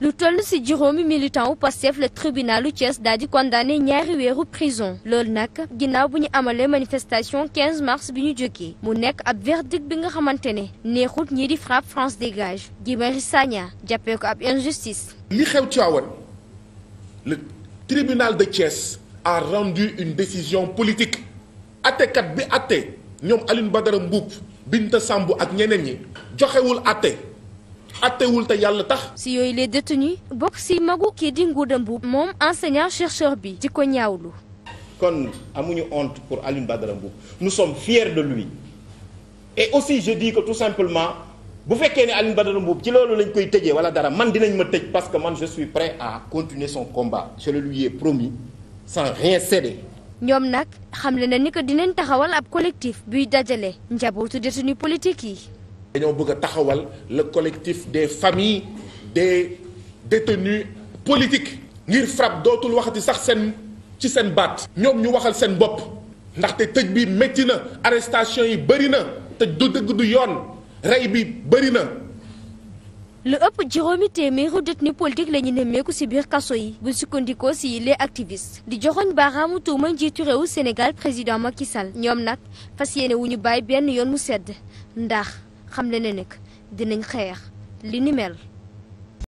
lu toll ci juróomi militant wu Pastef le tribunalu Thiès daal di condamné ñaari weeru prison lool nag ginnaaw bu ñu amalee manifestation 15 mars bi ñu jógee mu nekk ab verdict bi nga xamante ne neexut ñii di frappe France dégage Guy Marius Sagna jàppee ko ab injustice. li xew Tivaouane le tribunal de Thiès a rendu une décision politique attekat bi atte ñoom Alioune Badara Mboup Binta Samb ak ñeneen ñi joxewul atte attewul te yàlla tax. si yooyu les détenus bokk si magu kii di Ngouda Mboup moom enseignant chercheur bi di ko ñaawlu. kon amuñu honte pour Alioune Badara Mboup nous sommes fiers de lui et aussi je dis que tout simplement bu fekkee ne Alioune Badara Mboup ci loolu lañ koy tëjee wala dara man dinañ ma tëj parce que man je suis prêt à continuer son combat je lui ai promis sans rien céder. ñoom nag xam ne na ni que dinañ taxawal ab collectif buy dajale njabootu détenu dañoo bëgg a taxawal le collectif des familles des détenus politiques ngir FRAPP dootul waxati sax seen ci seen baat ñoom ñu waxal seen bopp ndaxte tëj bi métti na arrestation yi bëri na tëj du dëgg du yoon rey bi bëri na lu ëpp juróomi téeméeru détenu politique la ñu nemmeeku ci biir kaso yi bu sukkandikoo ci les activistes di joxoñ baaraamu tuuma njiitu réewu Sénégal président Macky Sall ñoom nag fas yéene wu ñu bàyyi benn yoon mu sedd ndax xamle ne nekk dinañ xeex li ni mel.